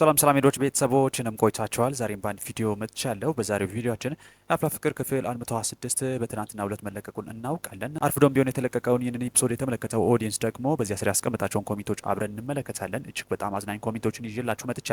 ሰላም ሰላም ሄዶች ቤተሰቦች እንም ቆይታቸዋል። ዛሬም በአንድ ቪዲዮ መጥቻ በዛሬው ቪዲዮችን የአፍላ ፍቅር ክፍል 126 በትናንትና ሁለት መለቀቁን እናውቃለን። አርፍዶም ቢሆን የተለቀቀውን ይህንን ኤፒሶድ የተመለከተው ኦዲየንስ ደግሞ በዚያ ስር ያስቀምጣቸውን ኮሚቶች አብረን እንመለከታለን። እጅግ በጣም አዝናኝ ኮሚቶችን ይዤላችሁ መጥቻ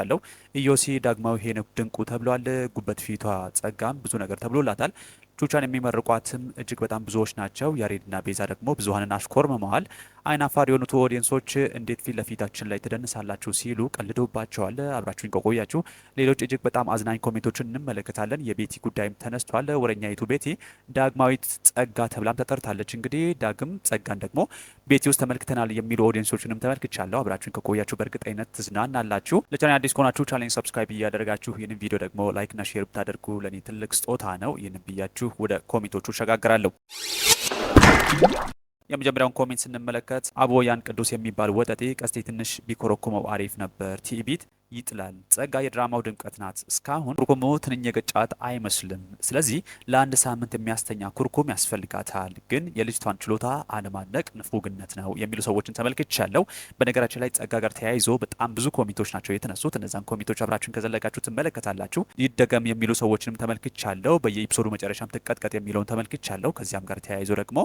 ኢዮሲ ዳግማዊ ሄኖክ ድንቁ ተብሏል። ጉበት ፊቷ ጸጋም ብዙ ነገር ተብሎላታል። ቹቻን የሚመርቋትም እጅግ በጣም ብዙዎች ናቸው። ያሬድና ቤዛ ደግሞ ብዙሀንን አይን አይናፋር የሆኑት ኦዲየንሶች እንዴት ፊት ለፊታችን ላይ ትደንሳላችሁ ሲሉ ቀልዶባቸዋል። አብራችሁኝ ከቆያችሁ ሌሎች እጅግ በጣም አዝናኝ ኮሜንቶችን እንመለከታለን። የቤቲ ጉዳይም ተነስቷል። ወረኛይቱ ቤቲ ዳግማዊት ጸጋ ተብላም ተጠርታለች። እንግዲህ ዳግም ጸጋን ደግሞ ቤቲ ውስጥ ተመልክተናል የሚሉ ኦዲየንሶችንም ተመልክቻለሁ። አብራችሁኝ ከቆያችሁ በእርግጠኝነት ትዝናናላችሁ። ለቻናል አዲስ ከሆናችሁ ቻናሌን ሰብስክራይብ እያደረጋችሁ ይህንን ቪዲዮ ደግሞ ላይክና ሼር ብታደርጉ ለእኔ ትልቅ ስጦታ ነው። ይህንን ብያችሁ ብያችሁ ወደ ኮሜንቶቹ እሸጋግራለሁ። የመጀመሪያውን ኮሜንት ስንመለከት አቦ ያን ቅዱስ የሚባል ወጠጤ ቀስቴ ትንሽ ቢኮረኩመው አሪፍ ነበር። ቲኢቢት ይጥላል። ጸጋ የድራማው ድምቀት ናት። እስካሁን ኩርኩም ትንኝ ገጫት አይመስልም። ስለዚህ ለአንድ ሳምንት የሚያስተኛ ኩርኩም ያስፈልጋታል። ግን የልጅቷን ችሎታ አለማድነቅ ንፉግነት ነው የሚሉ ሰዎችን ተመልክቻለሁ። በነገራችን ላይ ጸጋ ጋር ተያይዞ በጣም ብዙ ኮሚቶች ናቸው የተነሱት። እነዚን ኮሚቶች አብራችሁን ከዘለቃችሁ ትመለከታላችሁ። ይደገም የሚሉ ሰዎችንም ተመልክቻለሁ። በየኤፒሶዱ መጨረሻም ትቀጥቀጥ የሚለውን ተመልክቻለሁ። ከዚያም ጋር ተያይዞ ደግሞ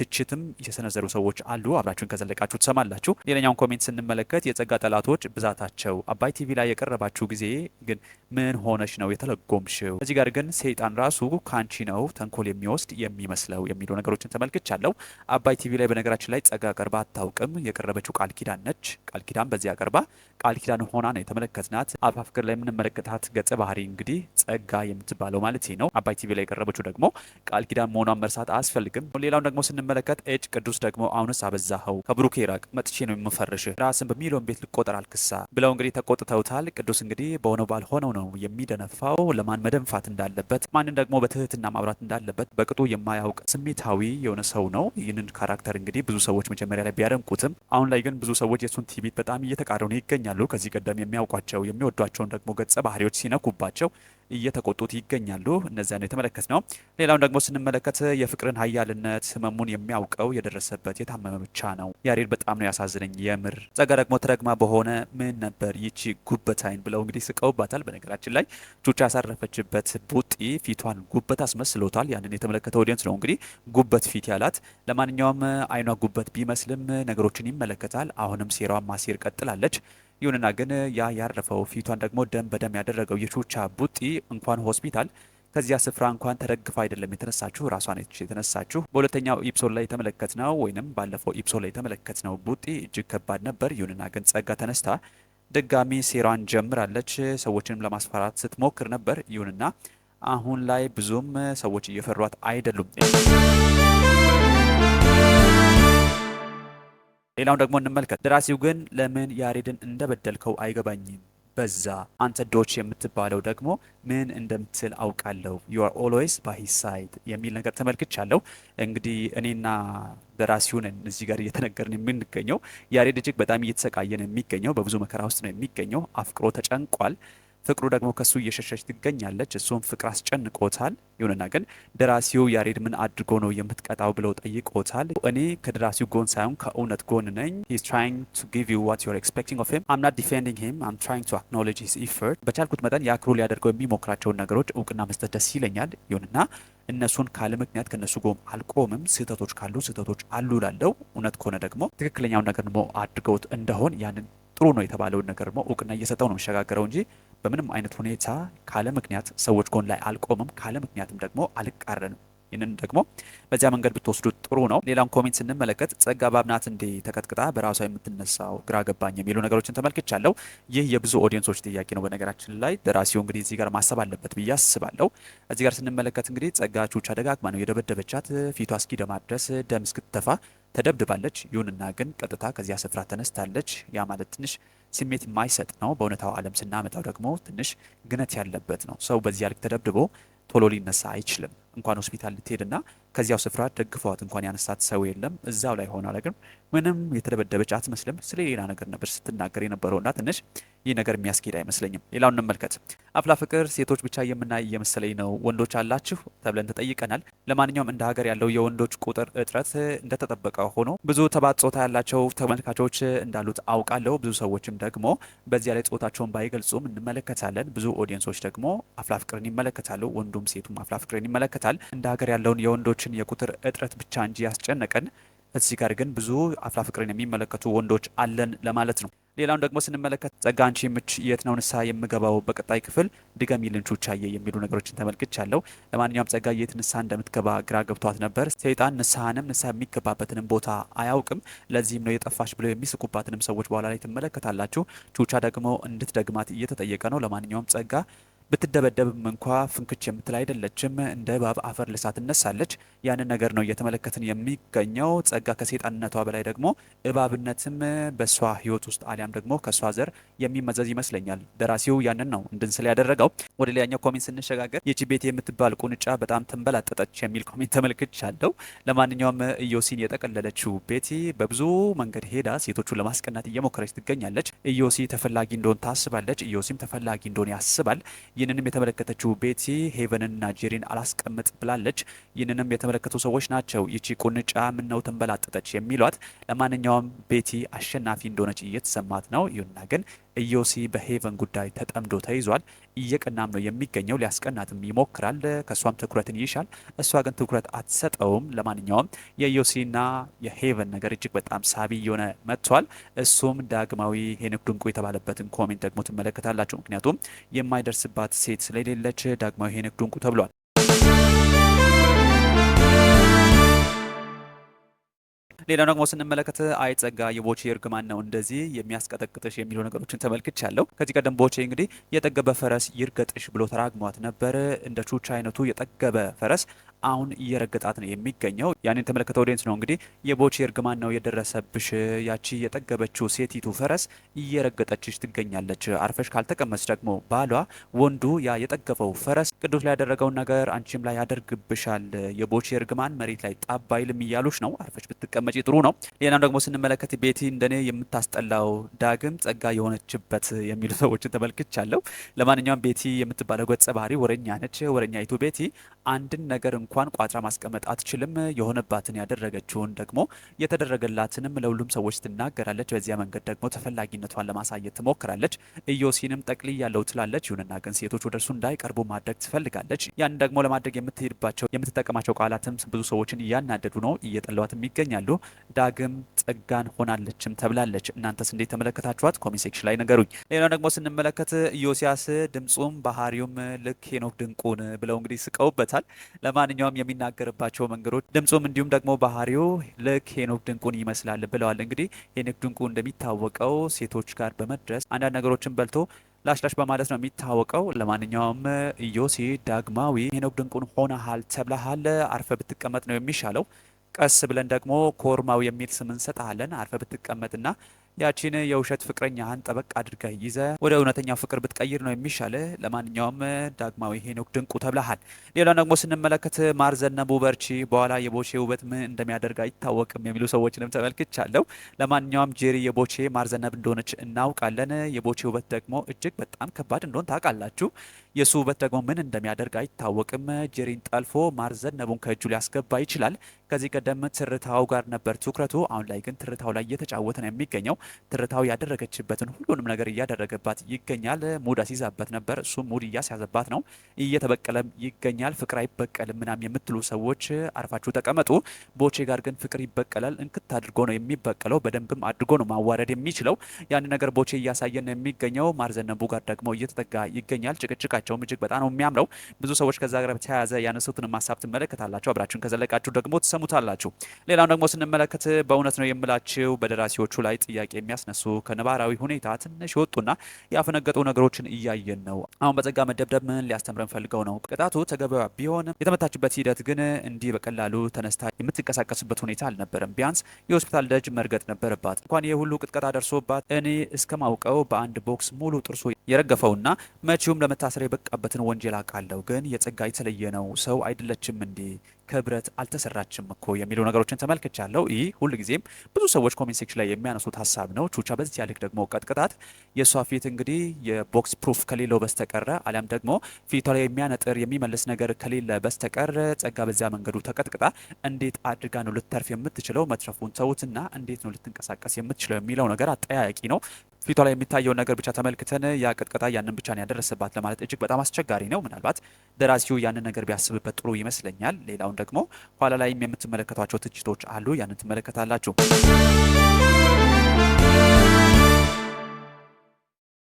ትችትም የሰነዘሩ ሰዎች አሉ። አብራችሁን ከዘለቃችሁ ትሰማላችሁ። ሌላኛውን ኮሜንት ስንመለከት የጸጋ ጠላቶች ብዛታቸው አባይ ቲቪ ቲቪ ላይ የቀረባችሁ ጊዜ ግን ምን ሆነች ነው የተለጎምሽው? እዚህ ጋር ግን ሰይጣን ራሱ ከአንቺ ነው ተንኮል የሚወስድ የሚመስለው የሚሉ ነገሮችን ተመልክቻለሁ። አባይ ቲቪ ላይ በነገራችን ላይ ጸጋ ቀርባ አታውቅም። የቀረበችው ቃል ኪዳን ነች። ቃል ኪዳን በዚያ ቀርባ ቃል ኪዳን ሆና ነው የተመለከትናት። አፍ ላይ የምንመለከታት ገጸ ባህሪ እንግዲህ ጸጋ የምትባለው ማለት ነው። አባይ ቲቪ ላይ የቀረበችው ደግሞ ቃል ኪዳን መሆኗን መርሳት አያስፈልግም። ሌላውን ደግሞ ስንመለከት ኤጭ ቅዱስ ደግሞ አሁንስ አበዛኸው፣ ከብሩኬ ራቅ፣ መጥቼ ነው የምፈርሽ፣ ራስን በሚሊዮን ቤት ልቆጠር አልክሳ ብለው እንግዲህ ተቆጥተው ብለውታል። ቅዱስ እንግዲህ በሆነው ባልሆነው ነው የሚደነፋው። ለማን መደንፋት እንዳለበት ማንን ደግሞ በትህትና ማብራት እንዳለበት በቅጡ የማያውቅ ስሜታዊ የሆነ ሰው ነው። ይህንን ካራክተር እንግዲህ ብዙ ሰዎች መጀመሪያ ላይ ቢያደንቁትም አሁን ላይ ግን ብዙ ሰዎች የእሱን ትዕቢት በጣም እየተቃረኑ ይገኛሉ። ከዚህ ቀደም የሚያውቋቸው የሚወዷቸውን ደግሞ ገጸ ባህሪዎች ሲነኩባቸው እየተቆጡት ይገኛሉ። እነዚያን የተመለከት ነው። ሌላውን ደግሞ ስንመለከት የፍቅርን ኃያልነት ህመሙን የሚያውቀው የደረሰበት የታመመ ብቻ ነው። ያሬድ በጣም ነው ያሳዝነኝ የምር። ጸጋ ደግሞ ተረግማ በሆነ ምን ነበር ይቺ ጉበታይን ብለው እንግዲህ ስቀውባታል። በነገራችን ላይ ቹቻ ያሳረፈችበት ቡጢ ፊቷን ጉበት አስመስሎታል። ያንን የተመለከተ ኦዲየንስ ነው እንግዲህ ጉበት ፊት ያላት። ለማንኛውም አይኗ ጉበት ቢመስልም ነገሮችን ይመለከታል። አሁንም ሴራዋን ማሴር ቀጥላለች። ይሁንና ግን ያ ያረፈው ፊቷን ደግሞ ደም በደም ያደረገው የቹቻ ቡጢ እንኳን ሆስፒታል ከዚያ ስፍራ እንኳን ተደግፋ አይደለም የተነሳችሁ፣ ራሷ ነች የተነሳችሁ። በሁለተኛው ኢፕሶድ ላይ የተመለከት ነው ወይንም ባለፈው ኢፕሶድ ላይ የተመለከት ነው ቡጢ እጅግ ከባድ ነበር። ይሁንና ግን ጸጋ ተነስታ ድጋሚ ሴራን ጀምራለች። ሰዎችንም ለማስፈራት ስትሞክር ነበር። ይሁንና አሁን ላይ ብዙም ሰዎች እየፈሯት አይደሉም። ሌላውን ደግሞ እንመልከት። ደራሲው ግን ለምን ያሬድን እንደበደልከው አይገባኝም በዛ አንተ ዶች የምትባለው ደግሞ ምን እንደምትል አውቃለሁ። ዩ አር ኦልዌይስ ባይ ሂዝ ሳይድ የሚል ነገር ተመልክቻለሁ። እንግዲህ እኔና ደራሲውን እዚህ ጋር እየተነገርን የምንገኘው ያሬድ እጅግ በጣም እየተሰቃየን የሚገኘው በብዙ መከራ ውስጥ ነው የሚገኘው። አፍቅሮ ተጨንቋል። ፍቅሩ ደግሞ ከሱ እየሸሸች ትገኛለች። እሱም ፍቅር አስጨንቆታል። ይሁንና ግን ደራሲው ያሬድ ምን አድርጎ ነው የምትቀጣው ብለው ጠይቆታል። እኔ ከደራሲው ጎን ሳይሆን ከእውነት ጎን ነኝ። ሂስ ትራይንግ ቱ ጊቭ ዩ ዋት ኤክስፔክቲንግ ኦፍ ሂም አም ናት ዲፌንዲንግ ሂም አም ትራይንግ ቱ አክኖሌጅ ሂስ ኢፈርት። በቻልኩት መጠን የአክሮ ሊያደርገው የሚሞክራቸውን ነገሮች እውቅና መስጠት ደስ ይለኛል። ይሁንና እነሱን ካለ ምክንያት ከነሱ ጎን አልቆምም። ስህተቶች ካሉ ስህተቶች አሉ ላለው እውነት ከሆነ ደግሞ ትክክለኛውን ነገር ደግሞ አድርገውት እንደሆን ያንን ጥሩ ነው የተባለውን ነገር ደግሞ እውቅና እየሰጠው ነው የሚሸጋገረው እንጂ በምንም አይነት ሁኔታ ካለ ምክንያት ሰዎች ጎን ላይ አልቆምም፣ ካለ ምክንያትም ደግሞ አልቃረንም። ይህንን ደግሞ በዚያ መንገድ ብትወስዱት ጥሩ ነው። ሌላውን ኮሜንት ስንመለከት ጸጋ ባብናት እንዴ ተቀጥቅጣ በራሷ የምትነሳው ግራ ገባኝ የሚሉ ነገሮችን ተመልክቻለሁ። ይህ የብዙ ኦዲየንሶች ጥያቄ ነው። በነገራችን ላይ ደራሲው እንግዲህ እዚህ ጋር ማሰብ አለበት ብዬ አስባለሁ። እዚህ ጋር ስንመለከት እንግዲህ ጸጋ ቹቻ ደጋግማ ነው የደበደበቻት። ፊቷ እስኪ ደማድረስ ደም እስክትተፋ ተደብድባለች። ይሁንና ግን ቀጥታ ከዚያ ስፍራ ተነስታለች። ያ ማለት ትንሽ ስሜት የማይሰጥ ነው። በእውነታው ዓለም ስናመጣው ደግሞ ትንሽ ግነት ያለበት ነው። ሰው በዚያ ልክ ተደብድቦ ቶሎ ሊነሳ አይችልም። እንኳን ሆስፒታል ልትሄድና ከዚያው ስፍራ ደግፈዋት እንኳን ያነሳት ሰው የለም። እዛው ላይ ሆና ግን ምንም የተደበደበች አትመስልም። ስለ ሌላ ነገር ነበር ስትናገር የነበረውና ትንሽ ይህ ነገር የሚያስኬድ አይመስለኝም። ሌላውን እንመልከት። አፍላ ፍቅር ሴቶች ብቻ የምናይ እየመሰለኝ ነው፣ ወንዶች አላችሁ ተብለን ተጠይቀናል። ለማንኛውም እንደ ሀገር ያለው የወንዶች ቁጥር እጥረት እንደተጠበቀ ሆኖ ብዙ ተባት ጾታ ያላቸው ተመልካቾች እንዳሉት አውቃለሁ። ብዙ ሰዎችም ደግሞ በዚያ ላይ ጾታቸውን ባይገልጹም እንመለከታለን። ብዙ ኦዲየንሶች ደግሞ አፍላ ፍቅርን ይመለከታሉ። ወንዱም ሴቱም አፍላ ፍቅርን ይመለከታል። እንደ ሀገር ያለውን የወንዶችን የቁጥር እጥረት ብቻ እንጂ ያስጨነቀን እዚህ ጋር ግን ብዙ አፍላ ፍቅርን የሚመለከቱ ወንዶች አለን ለማለት ነው። ሌላውን ደግሞ ስንመለከት ጸጋ አንቺ የምች የት ነው ንስሐ የምገባው በቀጣይ ክፍል ድገሚ ልንቾቻዬ የሚሉ ነገሮችን ተመልክቻለሁ። ለማንኛውም ጸጋ የት ንስሐ እንደምትገባ ግራ ገብቷት ነበር። ሰይጣን ንስሐንም ንስሐ የሚገባበትንም ቦታ አያውቅም። ለዚህም ነው የጠፋሽ ብለው የሚስቁባትንም ሰዎች በኋላ ላይ ትመለከታላችሁ። ቹቻ ደግሞ እንድትደግማት እየተጠየቀ ነው። ለማንኛውም ጸጋ ብትደበደብም እንኳ ፍንክች የምትል አይደለችም። እንደ እባብ አፈር ልሳ ትነሳለች። ያንን ነገር ነው እየተመለከትን የሚገኘው። ጸጋ ከሴጣንነቷ በላይ ደግሞ እባብነትም በእሷ ሕይወት ውስጥ አሊያም ደግሞ ከእሷ ዘር የሚመዘዝ ይመስለኛል። ደራሲው ያንን ነው እንድንስል ያደረገው። ወደ ሌላኛው ኮሜንት ስንሸጋገር የቺ ቤት የምትባል ቁንጫ በጣም ተንበላጠጠች የሚል ኮሜንት ተመልክቻለሁ። ለማንኛውም ኢዮሲን የጠቀለለችው ቤቲ በብዙ መንገድ ሄዳ ሴቶቹን ለማስቀናት እየሞከረች ትገኛለች። ኢዮሲ ተፈላጊ እንደሆን ታስባለች። ኢዮሲም ተፈላጊ እንደሆን ያስባል። ይህንንም የተመለከተችው ቤቲ ሄቨንና ጄሪን አላስቀምጥ ብላለች። ይህንንም የተመለከቱ ሰዎች ናቸው ይቺ ቁንጫ ምነው ተንበላጠጠች የሚሏት። ለማንኛውም ቤቲ አሸናፊ እንደሆነች እየተሰማት ነው። ይሁና ግን ኢዮሲ በሄቨን ጉዳይ ተጠምዶ ተይዟል። እየቀናም ነው የሚገኘው፣ ሊያስቀናትም ይሞክራል። ከእሷም ትኩረትን ይሻል፣ እሷ ግን ትኩረት አትሰጠውም። ለማንኛውም የኢዮሲና የሄቨን ነገር እጅግ በጣም ሳቢ እየሆነ መጥቷል። እሱም ዳግማዊ ሄኖክ ድንቁ የተባለበትን ኮሜንት ደግሞ ትመለከታላችሁ። ምክንያቱም የማይደርስባት ሴት ስለሌለች ዳግማዊ ሄኖክ ድንቁ ተብሏል። ሌላው ደግሞ ስንመለከት አይ ጸጋ የቦቼ እርግማን ነው እንደዚህ የሚያስቀጠቅጥሽ የሚሉ ነገሮችን ያለው ከዚህ ቀደም ቦቼ እንግዲህ የጠገበ ፈረስ ይርገጥሽ ብሎ ተራግሟት ነበር። እንደ ቹቻ አይነቱ የጠገበ ፈረስ አሁን እየረገጣት ነው የሚገኘው። ያን የተመለከተ ኦዲየንስ ነው እንግዲህ የቦቼ እርግማን ነው የደረሰብሽ፣ ያቺ የጠገበችው ሴቲቱ ፈረስ እየረገጠችሽ ትገኛለች፣ አርፈሽ ካልተቀመስ ደግሞ ባሏ ወንዱ ያ የጠገበው ፈረስ ቅዱስ ላይ ያደረገውን ነገር አንቺም ላይ ያደርግብሻል፣ የቦቼ እርግማን መሬት ላይ ጣባይልም እያሉሽ ነው፣ አርፈሽ ብትቀመጪ ጥሩ ነው። ሌላም ደግሞ ስንመለከት ቤቲ እንደኔ የምታስጠላው ዳግም ጸጋ የሆነችበት የሚሉ ሰዎችን ተመልክቻለሁ። ለማንኛውም ቤቲ የምትባለው ገጸ ባህሪ ወረኛ ነች። ወረኛይቱ ቤቲ አንድን ነገር እንኳን ቋጥራ ማስቀመጥ አትችልም። የሆነባትን ያደረገችውን ደግሞ የተደረገላትንም ለሁሉም ሰዎች ትናገራለች። በዚያ መንገድ ደግሞ ተፈላጊነቷን ለማሳየት ትሞክራለች። ኢዮሲንም ጠቅልይ ያለው ትላለች። ይሁንና ግን ሴቶች ወደ እርሱ እንዳይቀርቡ ማድረግ ትፈልጋለች። ያን ደግሞ ለማድረግ የምትሄድባቸው የምትጠቀማቸው ቃላትም ብዙ ሰዎችን እያናደዱ ነው፣ እየጠለዋትም ይገኛሉ። ዳግም ጸጋን ሆናለችም ተብላለች። እናንተስ እንዴት ተመለከታችኋት? ኮሜንት ሴክሽን ላይ ነገሩኝ። ሌላው ደግሞ ስንመለከት ኢዮስያስ ድምፁም ባህሪውም ልክ ሄኖክ ድንቁን ብለው እንግዲህ ስቀውበታል። ለማንኛ ማንኛውም የሚናገርባቸው መንገዶች ድምፁም እንዲሁም ደግሞ ባህሪው ልክ ሄኖክ ድንቁን ይመስላል ብለዋል። እንግዲህ ሄኖክ ድንቁ እንደሚታወቀው ሴቶች ጋር በመድረስ አንዳንድ ነገሮችን በልቶ ላሽላሽ በማለት ነው የሚታወቀው። ለማንኛውም ኢዮሲ ዳግማዊ ሄኖክ ድንቁን ሆነሃል ተብለሃል፣ አርፈ ብትቀመጥ ነው የሚሻለው። ቀስ ብለን ደግሞ ኮርማዊ የሚል ስም እንሰጥሃለን። አርፈ ብትቀመጥና ያቺን የውሸት ፍቅረኛህን ጠበቅ አድርገህ ይዘ ወደ እውነተኛ ፍቅር ብትቀይር ነው የሚሻል። ለማንኛውም ዳግማዊ ሄኖክ ድንቁ ተብለሃል። ሌላው ደግሞ ስንመለከት ማር ዘነቡ በርቺ፣ በኋላ የቦቼ ውበት ምን እንደሚያደርግ አይታወቅም የሚሉ ሰዎችንም ተመልክቻለሁ። ለማንኛውም ጄሪ የቦቼ ማር ዘነብ እንደሆነች እናውቃለን። የቦቼ ውበት ደግሞ እጅግ በጣም ከባድ እንደሆን ታውቃላችሁ። የእሱ ውበት ደግሞ ምን እንደሚያደርግ አይታወቅም። ጀሪን ጠልፎ ማርዘነቡን ከእጁ ሊያስገባ ይችላል። ከዚህ ቀደም ትርታው ጋር ነበር ትኩረቱ። አሁን ላይ ግን ትርታው ላይ እየተጫወተ ነው የሚገኘው። ትርታው ያደረገችበትን ሁሉንም ነገር እያደረገባት ይገኛል። ሙድ አስይዛበት ነበር፣ እሱ ሙድ እያስያዘባት ነው። እየተበቀለም ይገኛል። ፍቅር አይበቀልም ምናም የምትሉ ሰዎች አርፋችሁ ተቀመጡ። ቦቼ ጋር ግን ፍቅር ይበቀላል። እንክት አድርጎ ነው የሚበቀለው። በደንብም አድርጎ ነው ማዋረድ የሚችለው። ያን ነገር ቦቼ እያሳየን ነው የሚገኘው። ማርዘነቡ ጋር ደግሞ እየተጠጋ ይገኛል። ጭቅጭቅ ታሪካቸውም እጅግ በጣም ነው የሚያምረው። ብዙ ሰዎች ከዛ ጋር በተያያዘ ያነሱትንም ሀሳብ ትመለከታላችሁ። አብራችሁን ከዘለቃችሁ ደግሞ ትሰሙታላችሁ። ሌላውን ደግሞ ስንመለከት በእውነት ነው የምላችሁ በደራሲዎቹ ላይ ጥያቄ የሚያስነሱ ከነባራዊ ሁኔታ ትንሽ የወጡና ያፈነገጡ ነገሮችን እያየን ነው። አሁን በጸጋ መደብደብ ምን ሊያስተምረን ፈልገው ነው? ቅጣቱ ተገቢዋ ቢሆንም የተመታችበት ሂደት ግን እንዲህ በቀላሉ ተነስታ የምትንቀሳቀስበት ሁኔታ አልነበረም። ቢያንስ የሆስፒታል ደጅ መርገጥ ነበረባት። እንኳን ይህ ሁሉ ቅጥቀጣ ደርሶባት እኔ እስከማውቀው በአንድ ቦክስ ሙሉ ጥርሶ የረገፈውና መቼውም ለመታሰር የበቃበትን ወንጀል አውቃለሁ፣ ግን የጸጋ የተለየ ነው። ሰው አይደለችም እንዴ? ከብረት አልተሰራችም እኮ የሚሉ ነገሮችን ተመልክቻለሁ። ይህ ሁልጊዜም ብዙ ሰዎች ኮሜንት ሴክሽን ላይ የሚያነሱት ሀሳብ ነው። ቹቻ በዚህ ያልክ ደግሞ ቀጥቅጣት። የእሷ ፊት እንግዲህ የቦክስ ፕሩፍ ከሌለው በስተቀረ አሊያም ደግሞ ፊቷ ላይ የሚያነጥር የሚመልስ ነገር ከሌለ በስተቀረ ጸጋ በዚያ መንገዱ ተቀጥቅጣ እንዴት አድርጋ ነው ልትተርፍ የምትችለው? መትረፉን ተውትና እንዴት ነው ልትንቀሳቀስ የምትችለው የሚለው ነገር አጠያያቂ ነው። ፊቷ ላይ የሚታየውን ነገር ብቻ ተመልክተን ያ ቅጥቀጣ ያንን ብቻ ነው ያደረሰባት ለማለት እጅግ በጣም አስቸጋሪ ነው። ምናልባት ደራሲው ያንን ነገር ቢያስብበት ጥሩ ይመስለኛል። ሌላውን ደግሞ ኋላ ላይም የምትመለከቷቸው ትችቶች አሉ። ያንን ትመለከታላችሁ።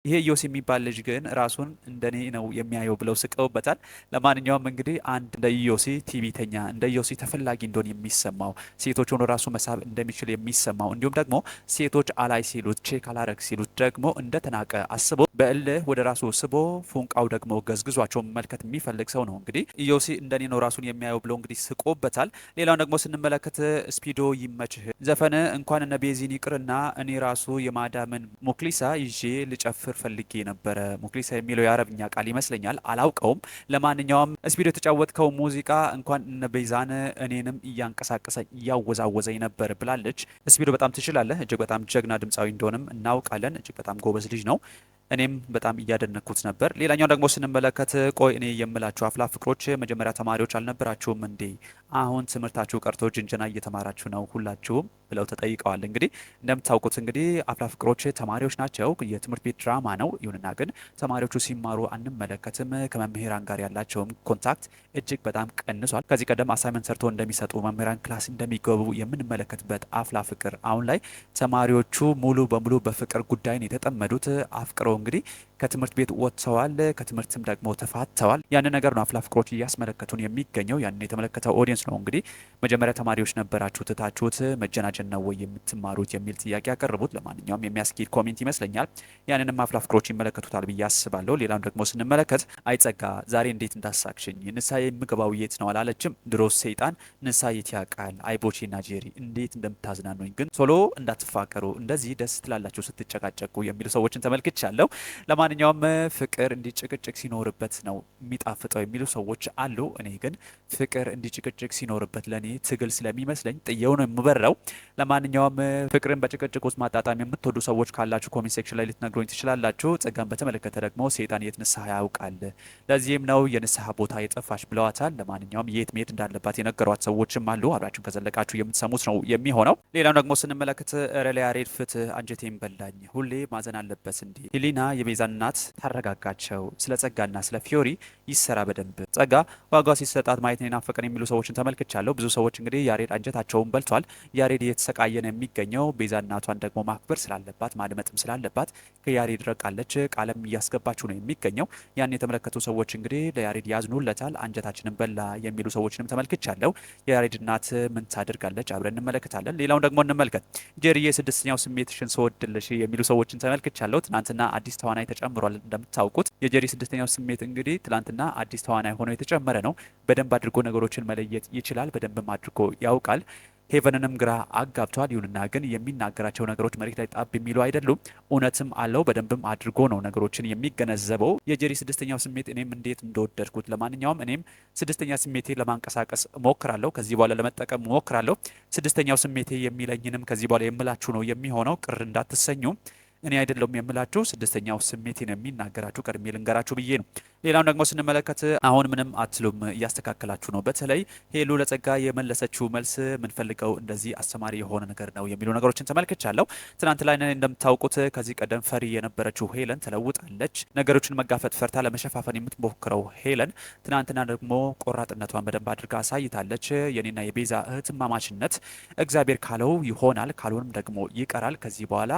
ይሄ ዮስ የሚባል ልጅ ግን ራሱን እንደኔ ነው የሚያየው ብለው ስቀውበታል። ለማንኛውም እንግዲህ አንድ እንደ ዮሲ ቲቪተኛ እንደ ዮሲ ተፈላጊ እንደሆን የሚሰማው ሴቶች ሆኖ ራሱ መሳብ እንደሚችል የሚሰማው እንዲሁም ደግሞ ሴቶች አላይ ሲሉት ቼክ አላረግ ሲሉት ደግሞ ተናቀ አስቦ በእልህ ወደ ራሱ ስቦ ፉንቃው ደግሞ ገዝግዟቸው መመልከት የሚፈልግ ሰው ነው። እንግዲህ ዮሲ እንደኔ ነው ራሱን የሚያየው ብለው እንግዲህ ስቆበታል። ሌላውን ደግሞ ስንመለከት ስፒዶ ይመችህ ዘፈን እንኳን እነ ቤዚን ይቅርና እኔ ራሱ የማዳምን ሙክሊሳ ይዤ ልጨፍር ፈልጌ ነበረ። ሙክሊሳ የሚለው የአረብኛ ቃል ይመስለኛል፣ አላውቀውም። ለማንኛውም ስፒዶ የተጫወትከው ሙዚቃ እንኳን እነ ቤዛን እኔንም እያንቀሳቀሰኝ እያወዛወዘኝ ነበር ብላለች። ስፒዶ በጣም ትችላለህ። እጅግ በጣም ጀግና ድምፃዊ እንደሆንም እናውቃለን። እጅግ በጣም ጎበዝ ልጅ ነው። እኔም በጣም እያደነኩት ነበር። ሌላኛው ደግሞ ስንመለከት ቆይ እኔ የምላችሁ አፍላ ፍቅሮች መጀመሪያ ተማሪዎች አልነበራችሁም እንዴ? አሁን ትምህርታችሁ ቀርቶ ጅንጀና እየተማራችሁ ነው ሁላችሁም ብለው ተጠይቀዋል። እንግዲህ እንደምታውቁት እንግዲህ አፍላ ፍቅሮች ተማሪዎች ናቸው። የትምህርት ቤት ድራማ ነው። ይሁንና ግን ተማሪዎቹ ሲማሩ አንመለከትም። ከመምህራን ጋር ያላቸውም ኮንታክት እጅግ በጣም ቀንሷል። ከዚህ ቀደም አሳይመንት ሰርቶ እንደሚሰጡ መምህራን ክላስ እንደሚገቡ የምንመለከትበት አፍላ ፍቅር አሁን ላይ ተማሪዎቹ ሙሉ በሙሉ በፍቅር ጉዳይን የተጠመዱት አፍቅረው እንግዲህ ከትምህርት ቤት ወጥተዋል፣ ከትምህርትም ደግሞ ተፋተዋል። ያን ነገር ነው አፍላ ፍቅሮች እያስመለከቱን የሚገኘው። ያንን የተመለከተው ኦዲየንስ ነው እንግዲህ መጀመሪያ ተማሪዎች ነበራችሁ ትታችሁት መጀናጀን ነው ወይ የምትማሩት የሚል ጥያቄ ያቀርቡት ለማንኛውም የሚያስኬድ ኮሜንት ይመስለኛል። ያንንም አፍላ ፍቅሮች ይመለከቱታል ብዬ አስባለሁ። ሌላም ደግሞ ስንመለከት አይጸጋ ዛሬ እንዴት እንዳሳቅሽኝ ንሳ የምገባው የት ነው አላለችም። ድሮ ሰይጣን ንሳ የት ያውቃል አይቦቼና ጄሪ እንዴት እንደምታዝናኑኝ ግን ቶሎ እንዳትፋቀሩ እንደዚህ ደስ ትላላችሁ ስትጨቃጨቁ የሚሉ ሰዎችን ተመልክቻለሁ። ለማንኛውም ፍቅር እንዲጭቅጭቅ ሲኖርበት ነው የሚጣፍጠው የሚሉ ሰዎች አሉ። እኔ ግን ፍቅር እንዲጭቅጭቅ ሲኖርበት ለእኔ ትግል ስለሚመስለኝ ጥየው ነው የምበረው። ለማንኛውም ፍቅርን በጭቅጭቅ ውስጥ ማጣጣም የምትወዱ ሰዎች ካላችሁ ኮሜንት ሴክሽን ላይ ልትነግሩኝ ትችላላችሁ። ጸጋን በተመለከተ ደግሞ ሴጣን የት ንስሐ ያውቃል፣ ለዚህም ነው የንስሐ ቦታ የጠፋሽ ብለዋታል። ለማንኛውም የት መሄድ እንዳለባት የነገሯት ሰዎችም አሉ። አብራችሁን ከዘለቃችሁ የምትሰሙት ነው የሚሆነው። ሌላው ደግሞ ስንመለከት ረሊያ ሬድ ፍትህ አንጀቴን በላኝ፣ ሁሌ ማዘን አለበት እንዲህ ሂሊና የቤዛን እናት ታረጋጋቸው። ስለ ጸጋና ስለ ፊዮሪ ይሰራ በደንብ ጸጋ ዋጋ ሲሰጣት ማየት ነው የናፈቀን የሚሉ ሰዎችን ተመልክቻለሁ። ብዙ ሰዎች እንግዲህ ያሬድ አንጀታቸውን በልቷል። ያሬድ እየተሰቃየ ነው የሚገኘው። ቤዛ እናቷን ደግሞ ማክበር ስላለባት ማድመጥም ስላለባት ከያሬድ ረቃለች። ቃለም እያስገባችው ነው የሚገኘው። ያን የተመለከቱ ሰዎች እንግዲህ ለያሬድ ያዝኑለታል። አንጀታችንን በላ የሚሉ ሰዎችንም ተመልክቻለሁ። የያሬድ እናት ምን ታደርጋለች? አብረን እንመለከታለን። ሌላውን ደግሞ እንመልከት። ጀርዬ ስድስተኛው ስሜትሽን ስወድልሽ የሚሉ ሰዎችን ተመልክቻለሁ። ትናንትና አዲስ ተዋናይ ተጨምሯል። እንደምታውቁት የጄሪ ስድስተኛው ስሜት እንግዲህ ትናንትና ና አዲስ ተዋናይ ሆኖ የተጨመረ ነው። በደንብ አድርጎ ነገሮችን መለየት ይችላል። በደንብም አድርጎ ያውቃል። ሄቨንንም ግራ አጋብቷል። ይሁንና ግን የሚናገራቸው ነገሮች መሬት ላይ ጣብ የሚሉ አይደሉም። እውነትም አለው። በደንብም አድርጎ ነው ነገሮችን የሚገነዘበው። የጀሪ ስድስተኛው ስሜት እኔም እንዴት እንደወደድኩት። ለማንኛውም እኔም ስድስተኛ ስሜቴ ለማንቀሳቀስ ሞክራለሁ። ከዚህ በኋላ ለመጠቀም ሞክራለሁ። ስድስተኛው ስሜቴ የሚለኝንም ከዚህ በኋላ የምላችሁ ነው የሚሆነው። ቅር እንዳትሰኙ እኔ አይደለሁም የምላችሁ ስድስተኛው ስሜቴን የሚናገራችሁ ቀድሜ ልንገራችሁ ብዬ ነው። ሌላውን ደግሞ ስንመለከት አሁን ምንም አትሉም እያስተካከላችሁ ነው። በተለይ ሄሉ ለጸጋ የመለሰችው መልስ የምንፈልገው እንደዚህ አስተማሪ የሆነ ነገር ነው የሚሉ ነገሮችን ተመልክቻለሁ። ትናንት ላይ እንደምታውቁት ከዚህ ቀደም ፈሪ የነበረችው ሄለን ተለውጣለች። ነገሮችን መጋፈጥ ፈርታ ለመሸፋፈን የምትሞክረው ሄለን ትናንትና ደግሞ ቆራጥነቷን በደንብ አድርጋ አሳይታለች። የኔና የቤዛ እህትማማችነት እግዚአብሔር ካለው ይሆናል፣ ካልሆንም ደግሞ ይቀራል። ከዚህ በኋላ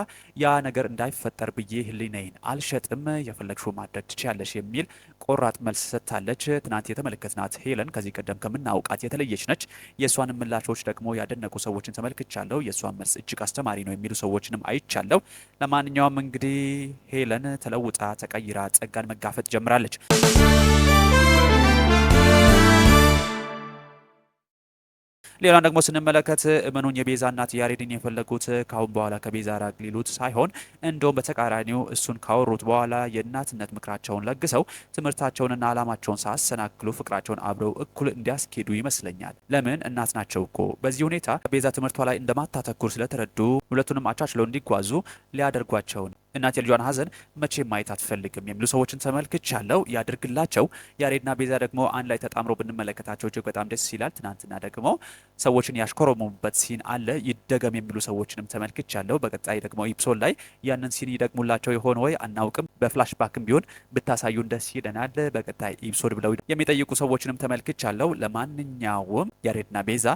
ያ ነገር እንዳይፈጠር ብዬ ህሊናዬን አልሸጥም፣ የፈለግሽው ማድረግ ትችያለሽ የሚል ቆራጥ መልስ ሰጥታለች። ትናንት የተመለከትናት ሄለን ከዚህ ቀደም ከምናውቃት የተለየች ነች። የእሷን ምላሾች ደግሞ ያደነቁ ሰዎችን ተመልክቻለሁ። የእሷን መልስ እጅግ አስተማሪ ነው የሚሉ ሰዎችንም አይቻለሁ። ለማንኛውም እንግዲህ ሄለን ተለውጣ ተቀይራ ጸጋን መጋፈጥ ጀምራለች። ሌላን ደግሞ ስንመለከት መኖኝ የቤዛ እናት ያሬድን የፈለጉት ካሁን በኋላ ከቤዛ ራቅ ሊሉት ሳይሆን እንደውም በተቃራኒው እሱን ካወሩት በኋላ የእናትነት ምክራቸውን ለግሰው ትምህርታቸውንና አላማቸውን ሳያሰናክሉ ፍቅራቸውን አብረው እኩል እንዲያስኬዱ ይመስለኛል። ለምን እናት ናቸው እኮ። በዚህ ሁኔታ ቤዛ ትምህርቷ ላይ እንደማታተኩር ስለተረዱ ሁለቱንም አቻችለው እንዲጓዙ ሊያደርጓቸው እናት የልጇን ሀዘን መቼ ማየት አትፈልግም የሚሉ ሰዎችን ተመልክቻለሁ። ያድርግላቸው። ያሬድና ቤዛ ደግሞ አንድ ላይ ተጣምሮ ብንመለከታቸው እጅግ በጣም ደስ ይላል። ትናንትና ደግሞ ሰዎችን ያሽኮረሙበት ሲን አለ ይደገም የሚሉ ሰዎችንም ተመልክቻለሁ። በቀጣይ ደግሞ ኢፕሶን ላይ ያንን ሲን ይደግሙላቸው ይሆን ወይ አናውቅም። በፍላሽባክም ቢሆን ብታሳዩን ደስ ይለናል። በቀጣይ ኢፕሶድ ብለው የሚጠይቁ ሰዎችንም ተመልክቻለሁ። ለማንኛውም ያሬድና ቤዛ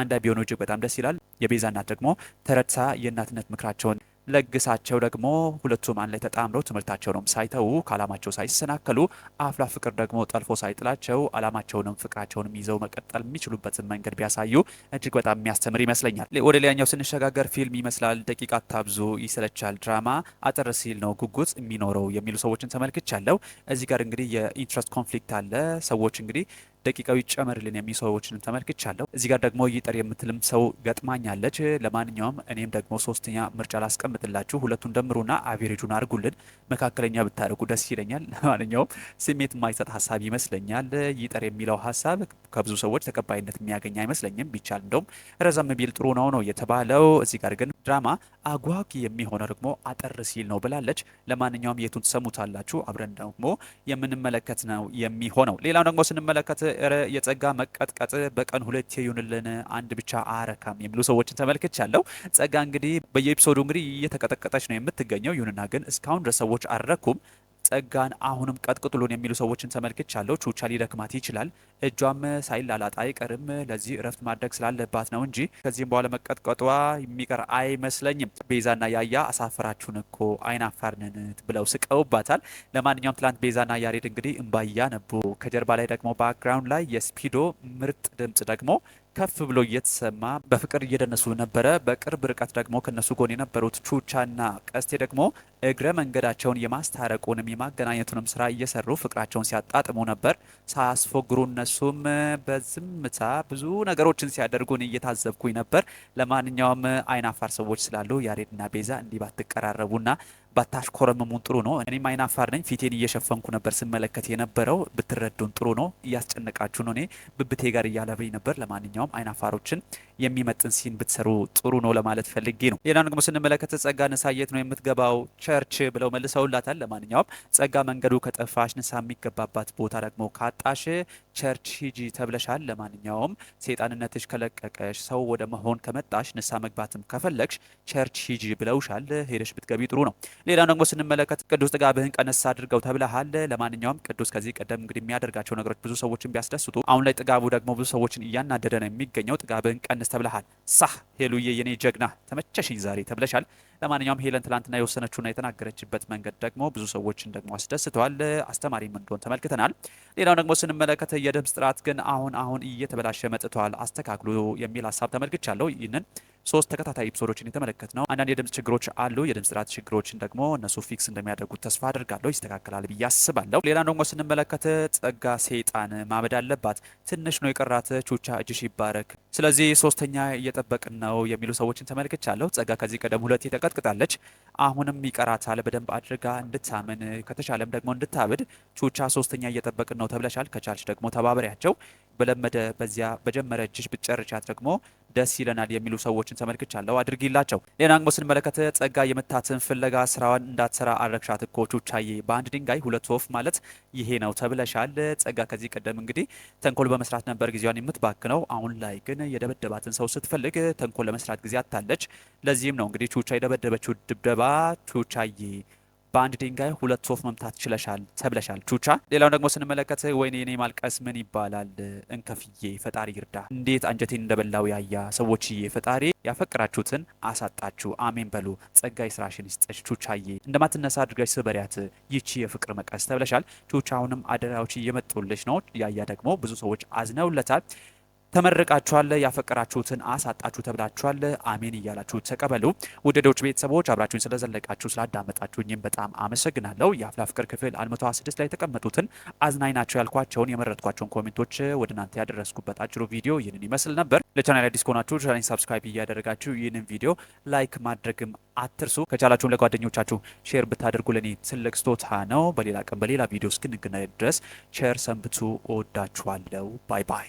አንድ ቢሆኑ እጅግ በጣም ደስ ይላል። የቤዛ እናት ደግሞ ተረድሳ የእናትነት ምክራቸውን ለግሳቸው ደግሞ ሁለቱ ማን ላይ ተጣምረው ትምህርታቸውንም ሳይተዉ ከዓላማቸው ሳይሰናከሉ አፍላ ፍቅር ደግሞ ጠልፎ ሳይጥላቸው ዓላማቸውንም ፍቅራቸውንም ይዘው መቀጠል የሚችሉበትን መንገድ ቢያሳዩ እጅግ በጣም የሚያስተምር ይመስለኛል። ወደ ሌላኛው ስንሸጋገር ፊልም ይመስላል፣ ደቂቃ ታብዙ ይሰለቻል፣ ድራማ አጠር ሲል ነው ጉጉት የሚኖረው የሚሉ ሰዎችን ተመልክቻለሁ። እዚህ ጋር እንግዲህ የኢንትረስት ኮንፍሊክት አለ። ሰዎች እንግዲህ ደቂቃው ይጨመርልን የሚሉ ሰዎችንም ተመልክቻለሁ። እዚህ ጋር ደግሞ ይጠር የምትልም ሰው ገጥማኛለች። ለማንኛውም እኔም ደግሞ ሶስተኛ ምርጫ ላስቀምጥላችሁ። ሁለቱን ደምሩና አቬሬጁን አድርጉልን። መካከለኛ ብታደርጉ ደስ ይለኛል። ለማንኛውም ስሜት የማይሰጥ ሀሳብ ይመስለኛል። ይጠር የሚለው ሀሳብ ከብዙ ሰዎች ተቀባይነት የሚያገኝ አይመስለኝም። ቢቻል እንደውም ረዘም ቢል ጥሩ ነው ነው የተባለው። እዚህ ጋር ግን ድራማ አጓጊ የሚሆነው ደግሞ አጠር ሲል ነው ብላለች። ለማንኛውም የቱን ትሰሙታላችሁ? አብረን ደግሞ የምንመለከት ነው የሚሆነው። ሌላው ደግሞ ስንመለከት የጸጋ መቀጥቀጥ በቀን ሁለቴ የዩንልን አንድ ብቻ አረካም የሚሉ ሰዎችን ተመልክች ያለው ጸጋ እንግዲህ በየኤፒሶዱ እንግዲህ እየተቀጠቀጠች ነው የምትገኘው። ይሁንና ግን እስካሁን ድረስ ሰዎች አረኩም ጸጋን አሁንም ቀጥቅጥሉን የሚሉ ሰዎችን ተመልክቻለሁ። ቹቻ ሊደክማት ይችላል፣ እጇም ሳይላላጥ አይቀርም። ለዚህ እረፍት ማድረግ ስላለባት ነው እንጂ ከዚህም በኋላ መቀጥቀጧ የሚቀር አይመስለኝም። ቤዛና ያያ አሳፈራችሁን እኮ አይናፋርንን ብለው ስቀውባታል። ለማንኛውም ትላንት ቤዛና ያሬድ እንግዲህ እምባያ ነቡ። ከጀርባ ላይ ደግሞ ባክግራውንድ ላይ የስፒዶ ምርጥ ድምፅ ደግሞ ከፍ ብሎ እየተሰማ በፍቅር እየደነሱ ነበረ። በቅርብ ርቀት ደግሞ ከነሱ ጎን የነበሩት ቹቻና ቀስቴ ደግሞ እግረ መንገዳቸውን የማስታረቁንም የማገናኘቱንም ስራ እየሰሩ ፍቅራቸውን ሲያጣጥሙ ነበር። ሳያስፎግሩ እነሱም በዝምታ ብዙ ነገሮችን ሲያደርጉን እየታዘብኩኝ ነበር። ለማንኛውም አይናፋር ሰዎች ስላሉ ያሬድና ቤዛ እንዲህ ባትቀራረቡና ባታሽኮረመሙን ጥሩ ነው። እኔም አይናፋር ነኝ፣ ፊቴን እየሸፈንኩ ነበር ስመለከት የነበረው። ብትረዱን ጥሩ ነው። እያስጨነቃችሁ ነው። እኔ ብብቴ ጋር እያለብኝ ነበር። ለማንኛውም አይናፋሮችን የሚመጥን ሲን ብትሰሩ ጥሩ ነው ለማለት ፈልጌ ነው። ሌላ ደግሞ ስንመለከት ጸጋ ንስሐ የት ነው የምትገባው ቸርች ብለው መልሰውላታል። ለማንኛውም ጸጋ መንገዱ ከጠፋሽ ንሳ የሚገባባት ቦታ ደግሞ ካጣሽ ቸርች ሂጂ ተብለሻል። ለማንኛውም ሴጣንነትሽ ከለቀቀሽ ሰው ወደ መሆን ከመጣሽ ንሳ መግባትም ከፈለግሽ ቸርች ሂጂ ብለውሻል። ሄደሽ ብትገቢ ጥሩ ነው። ሌላ ደግሞ ስንመለከት ቅዱስ ጥጋብህን ቀነስ አድርገው ተብለሃል። ለማንኛውም ቅዱስ ከዚህ ቀደም እንግዲህ የሚያደርጋቸው ነገሮች ብዙ ሰዎችን ቢያስደስቱ፣ አሁን ላይ ጥጋቡ ደግሞ ብዙ ሰዎችን እያናደደ ነው የሚገኘው። ጥጋብህን ቀነስ ተብለሃል። ሳህ ሄሉዬ የኔ ጀግና ተመቸሽኝ ዛሬ ተብለሻል። ለማንኛውም ሄለን ትላንትና የወሰነችውና የተናገረችበት መንገድ ደግሞ ብዙ ሰዎችን ደግሞ አስደስተዋል። አስተማሪም እንደሆን ተመልክተናል። ሌላው ደግሞ ስንመለከት የድምፅ ጥራት ግን አሁን አሁን እየተበላሸ መጥቷል፣ አስተካክሉ የሚል ሀሳብ ተመልክቻለሁ። ይህንን ሶስት ተከታታይ ኤፒሶዶችን የተመለከት ነው። አንዳንድ የድምፅ ችግሮች አሉ። የድምፅ ጥራት ችግሮችን ደግሞ እነሱ ፊክስ እንደሚያደርጉት ተስፋ አድርጋለሁ። ይስተካከላል ብዬ አስባለሁ። ሌላ ደግሞ ስንመለከት ጸጋ ሰይጣን ማበድ አለባት፣ ትንሽ ነው የቀራት። ቹቻ እጅሽ ይባረክ። ስለዚህ ሶስተኛ እየጠበቅን ነው የሚሉ ሰዎችን ተመልክቻለሁ። ጸጋ ከዚህ ቀደም ሁለት የተቀ ተቀጥቅጣለች። አሁንም ይቀራታል። በደንብ አድርጋ እንድታምን ከተሻለም ደግሞ እንድታብድ ቹቻ ሶስተኛ እየጠበቅን ነው ተብለሻል። ከቻልች ደግሞ ተባበሪያቸው በለመደ በዚያ በጀመረ እጅሽ ደግሞ ደስ ይለናል የሚሉ ሰዎችን ተመልክቻለሁ። አድርጊላቸው። ሌላ አንግሞ ስንመለከተ ጸጋ የምታትን ፍለጋ ስራዋን እንዳትሰራ አረግሻት እኮ ቹቻዬ፣ በአንድ ድንጋይ ሁለት ወፍ ማለት ይሄ ነው ተብለሻል። ጸጋ ከዚህ ቀደም እንግዲህ ተንኮል በመስራት ነበር ጊዜዋን የምትባክነው። አሁን ላይ ግን የደበደባትን ሰው ስትፈልግ ተንኮል ለመስራት ጊዜ አታለች። ለዚህም ነው እንግዲህ ቹቻ የደበደበችው ድብደባ ቹቻዬ በአንድ ድንጋይ ሁለት ወፍ መምታት ችለሻል ተብለሻል ቹቻ። ሌላውን ደግሞ ስንመለከት ወይኔ የኔ ማልቀስ ምን ይባላል እንከፍዬ ፈጣሪ ይርዳ፣ እንዴት አንጀቴን እንደበላው ያያ ሰዎችዬ፣ ፈጣሪ ያፈቅራችሁትን አሳጣችሁ፣ አሜን በሉ። ጸጋይ ስራሽን ይስጠች ቹቻዬ፣ እንደማትነሳ አድርጋች ስበሪያት ይቺ የፍቅር መቀስ ተብለሻል ቹቻ። አሁንም አደራዎች እየመጡልሽ ነው። ያያ ደግሞ ብዙ ሰዎች አዝነውለታል። ተመርቃችኋል። ያፈቀራችሁትን አሳጣችሁ ተብላችኋል። አሜን እያላችሁ ተቀበሉ። ውደዶች ቤተሰቦች አብራችሁን ስለዘለቃችሁ ስላዳመጣችሁ እኝም በጣም አመሰግናለሁ። የአፍላ ፍቅር ክፍል 126 ላይ የተቀመጡትን አዝናኝ ናቸው ያልኳቸውን የመረጥኳቸውን ኮሜንቶች ወደ እናንተ ያደረስኩበት አጭሩ ቪዲዮ ይህንን ይመስል ነበር። ለቻናል አዲስ ከሆናችሁ ቻናል ሰብስክራይብ እያደረጋችሁ ይህንን ቪዲዮ ላይክ ማድረግም አትርሱ። ከቻላችሁም ለጓደኞቻችሁ ሼር ብታደርጉ ለእኔ ትልቅ ስጦታ ነው። በሌላ ቀን በሌላ ቪዲዮ እስክንገናኝ ድረስ ቸር ሰንብቱ። እወዳችኋለሁ። ባይ ባይ።